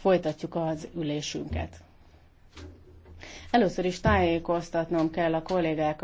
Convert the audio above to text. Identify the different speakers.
Speaker 1: folytatjuk az ülésünket. Először is tájékoztatnom kell a kollégákat,